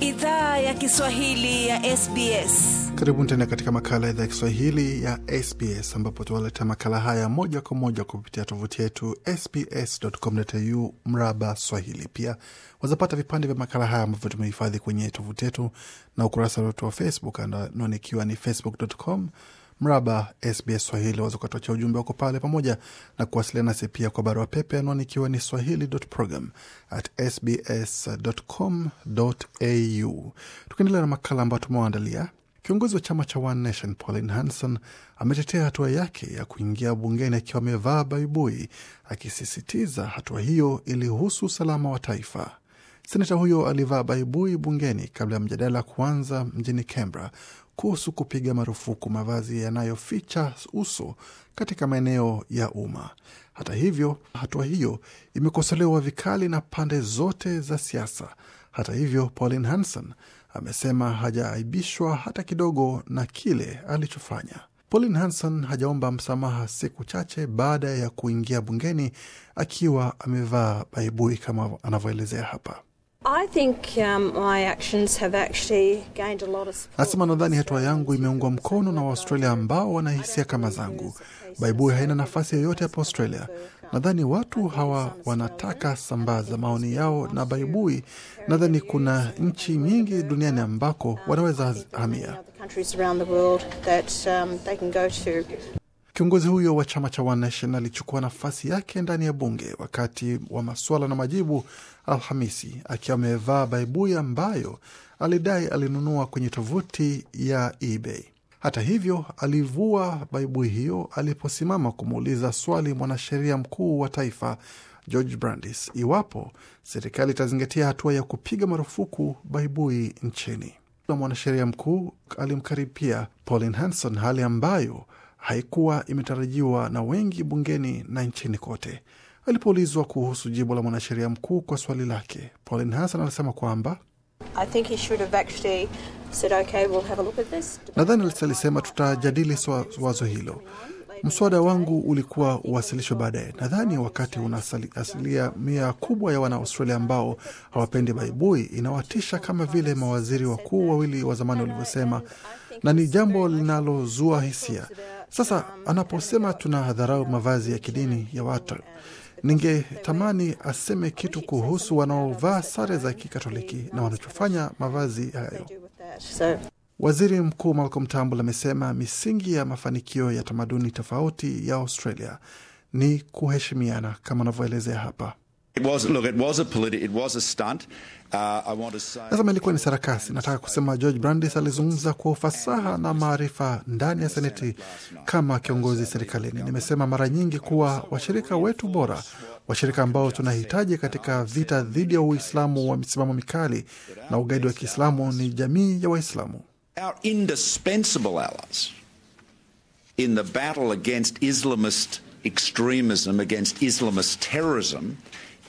idhaa ya Kiswahili ya SBS. Karibuni tena katika makala ya idhaa ya Kiswahili ya SBS ambapo tuwaletea makala haya moja kwa moja kupitia tovuti yetu sbs.com.au mraba swahili. Pia wazapata vipande vya makala haya ambavyo tumehifadhi kwenye tovuti yetu na ukurasa wetu wa Facebook, anwani ni facebook.com mraba SBS Swahili. Waweza ukatuachia ujumbe wako pale, pamoja na kuwasiliana nasi pia kwa barua pepe, anwani ikiwa ni swahili.program at Tukiendelea na makala ambayo tumewaandalia, kiongozi wa chama cha One Nation Pauline Hanson ametetea hatua yake ya kuingia bungeni akiwa amevaa baibui, akisisitiza hatua hiyo ilihusu usalama wa taifa. Seneta huyo alivaa baibui bungeni kabla ya mjadala kuanza mjini Canberra kuhusu kupiga marufuku mavazi yanayoficha uso katika maeneo ya umma. Hata hivyo, hatua hiyo imekosolewa vikali na pande zote za siasa. Hata hivyo, Pauline Hanson amesema hajaaibishwa hata kidogo na kile alichofanya. Pauline Hanson hajaomba msamaha siku chache baada ya kuingia bungeni akiwa amevaa baibui kama anavyoelezea hapa. Um, Anasema nadhani hatua yangu imeungwa mkono na Waaustralia ambao wanahisia kama zangu. Baibui haina nafasi yoyote hapa Australia. Nadhani watu hawa wanataka sambaza maoni yao na Baibui. Nadhani kuna nchi nyingi duniani ambako wanaweza hamia. Kiongozi huyo wa chama cha Wanation alichukua nafasi yake ndani ya bunge wakati wa maswala na majibu Alhamisi, akiwa amevaa baibui ambayo alidai alinunua kwenye tovuti ya eBay. Hata hivyo, alivua baibui hiyo aliposimama kumuuliza swali mwanasheria mkuu wa taifa George Brandis iwapo serikali itazingatia hatua ya kupiga marufuku baibui nchini. Mwanasheria mkuu alimkaripia Pauline Hanson, hali ambayo haikuwa imetarajiwa na wengi bungeni na nchini kote. Alipoulizwa kuhusu jibu la mwanasheria mkuu kwa swali lake, Pauline Hassan alisema kwamba okay, we'll nadhani alisema tutajadili wazo hilo. Mswada wangu ulikuwa uwasilishwe baadaye. Nadhani wakati unaasilia mia kubwa ya Wanaaustralia ambao hawapendi baibui, inawatisha kama vile mawaziri wakuu wawili wa zamani walivyosema, na ni jambo linalozua hisia. Sasa anaposema tuna hadharau mavazi ya kidini ya watu, ningetamani aseme kitu kuhusu wanaovaa sare za Kikatoliki na wanachofanya mavazi hayo. Waziri Mkuu Malcolm Turnbull amesema misingi ya mafanikio ya tamaduni tofauti ya Australia ni kuheshimiana, kama anavyoelezea hapa. Nasema uh, ilikuwa ni sarakasi. Nataka kusema George Brandis alizungumza kwa ufasaha na maarifa ndani ya seneti kama kiongozi serikalini. Nimesema mara nyingi kuwa washirika wetu bora, washirika ambao tunahitaji katika vita dhidi ya Uislamu wa misimamo mikali na ugaidi wa Kiislamu ni jamii ya Waislamu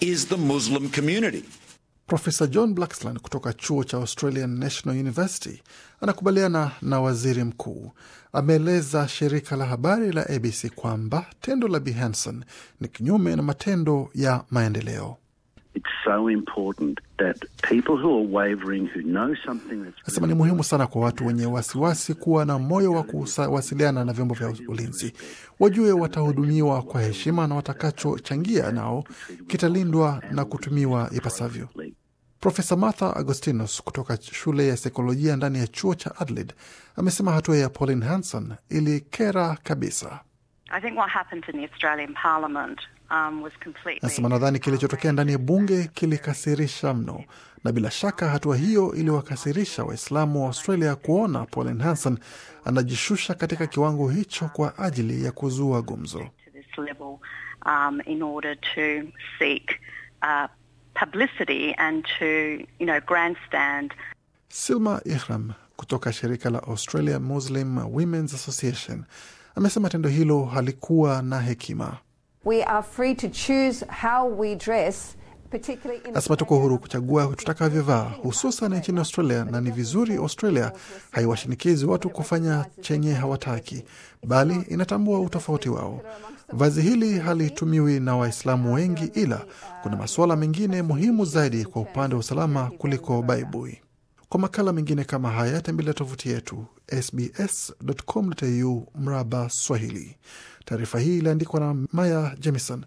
is the Muslim community. Profesa John Blaxland kutoka chuo cha Australian National University anakubaliana na waziri mkuu. Ameeleza shirika la habari la ABC kwamba tendo la Bi Hanson ni kinyume na matendo ya maendeleo nasema ni muhimu sana kwa watu wenye wasiwasi kuwa na moyo wa kuwasiliana na vyombo vya ulinzi, wajue watahudumiwa kwa heshima na watakachochangia nao kitalindwa na kutumiwa ipasavyo. Profesa Martha Agostinos kutoka shule ya saikolojia ndani ya chuo cha Adelaide amesema hatua ya Pauline Hanson ilikera kabisa. I think what Um, nasema nadhani kilichotokea ndani ya bunge kilikasirisha mno, na bila shaka hatua hiyo iliwakasirisha Waislamu wa Australia kuona Pauline Hanson anajishusha katika kiwango hicho kwa ajili ya kuzua gumzo. Um, uh, Silma Ihram kutoka shirika la Australia Muslim Women's Association amesema tendo hilo halikuwa na hekima. Nasema tuko huru kuchagua tutakavyovaa, hususan nchini Australia, na ni vizuri Australia haiwashinikizi watu kufanya chenye hawataki, bali inatambua utofauti wao. Vazi hili halitumiwi na Waislamu wengi, ila kuna masuala mengine muhimu zaidi kwa upande wa usalama kuliko baibui. Kwa makala mengine kama haya tembelea tovuti yetu sbs.com.au mraba Swahili. Taarifa hii iliandikwa na Maya Jamison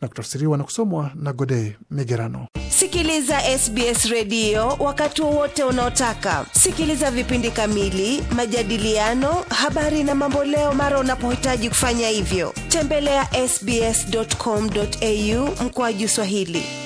na kutafsiriwa na kusomwa na Gode Migerano. Sikiliza SBS redio wakati wowote unaotaka. Sikiliza vipindi kamili, majadiliano, habari na mamboleo mara unapohitaji kufanya hivyo. Tembelea sbs.com.au mkoaju Swahili.